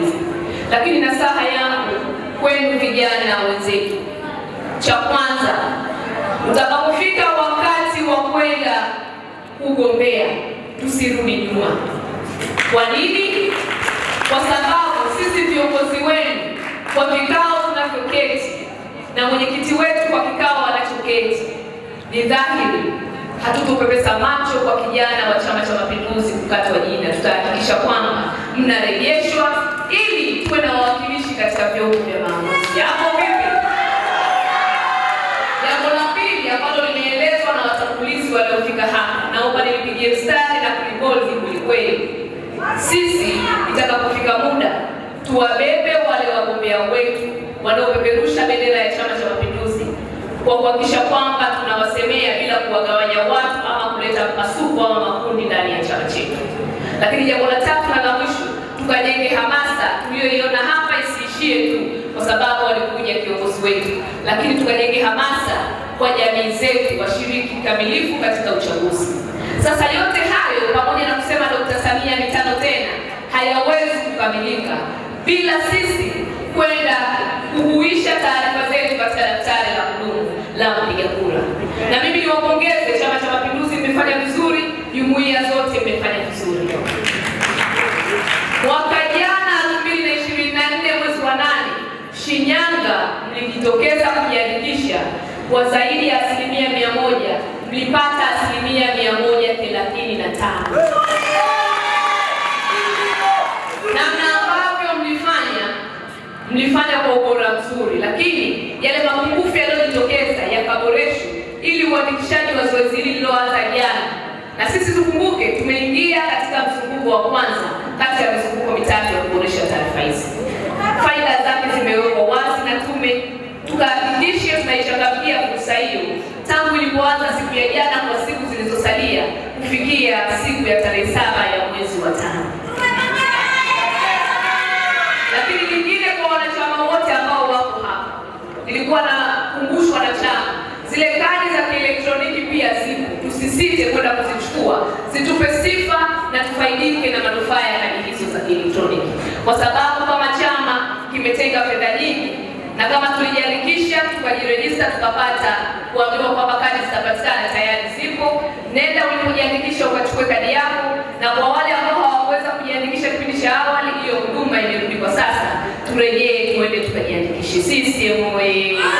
hizi, lakini nasaha yangu kwenu vijana wenzetu, cha kwanza, mtakapofika wakati wa kwenda kugombea tusirudi nyuma. Kwa nini? Kwa sababu sisi viongozi wenu kwa vikao tunavyoketi na mwenyekiti wetu kwa kikao anachoketi, ni dhahiri hatutopepesa macho kwa kijana wa Chama cha Mapinduzi kukatwa jina. Tutahakikisha kwamba mnarejeshwa katika vyombo vya maamuzi. Hapo vipi? Jambo la pili ambalo limeelezwa na watangulizi waliofika hapa, naomba nilipigie mstari na kuliboldi kulikweli Sisi itakapofika muda tuwabebe wale wagombea wetu wanaopeperusha bendera ya Chama cha Mapinduzi kwa kuhakikisha kwamba tunawasemea bila kuwagawanya watu ama kuleta mpasuko ama makundi ndani ya chama chetu. Lakini jambo la tatu na la mwisho, tukajenge hamasa tuliyoiona nchi yetu, kwa sababu walikuja kiongozi wetu, lakini tukajenge hamasa kwa jamii zetu washiriki kikamilifu katika uchaguzi. Sasa yote hayo pamoja na kusema Dr. Samia mitano tena hayawezi kukamilika bila sisi kwenda kuhuisha taarifa zetu katika daftari la kudumu la mpiga kura. Na mimi niwapongeze Chama cha Mapinduzi, mmefanya vizuri, jumuiya zote Shinyanga mlijitokeza kujiandikisha kwa zaidi ya asilimia mia moja, mlipata asilimia mia moja thelathini na tano. Namna ambavyo mlifanya, mlifanya kwa ubora mzuri, lakini yale mapungufu yaliyojitokeza yakaboreshwa ili uandikishaji wa zoezi hili lililoanza jana, na sisi tukumbuke, tumeingia katika mzunguko wa kwanza kati ya mizunguko mitatu tume tukahakikishe tunaichangamkia fursa hiyo tangu ilipoanza siku ya jana kwa siku zilizosalia kufikia siku ya tarehe saba ya mwezi wa tano. Lakini lingine kwa wanachama wote ambao wako hapa, nilikuwa nakumbushwa na chama, zile kadi za kielektroniki pia zipo, tusisite kwenda kuzichukua, zitupe sifa na tufaidike na manufaa ya kadi hizo za kielektroniki, kwa sababu kama chama kimetenga fedha nyingi na kama tulijiandikisha tukajirejista tukapata kuambiwa kwamba kadi zitapatikana tayari zipo, nenda ulipojiandikisha ukachukue kadi yako, na kwa wale ambao hawakuweza kujiandikisha kipindi cha awali, hiyo huduma imerudi kwa sasa. Turejee tuende tukajiandikishe. CCM oyee!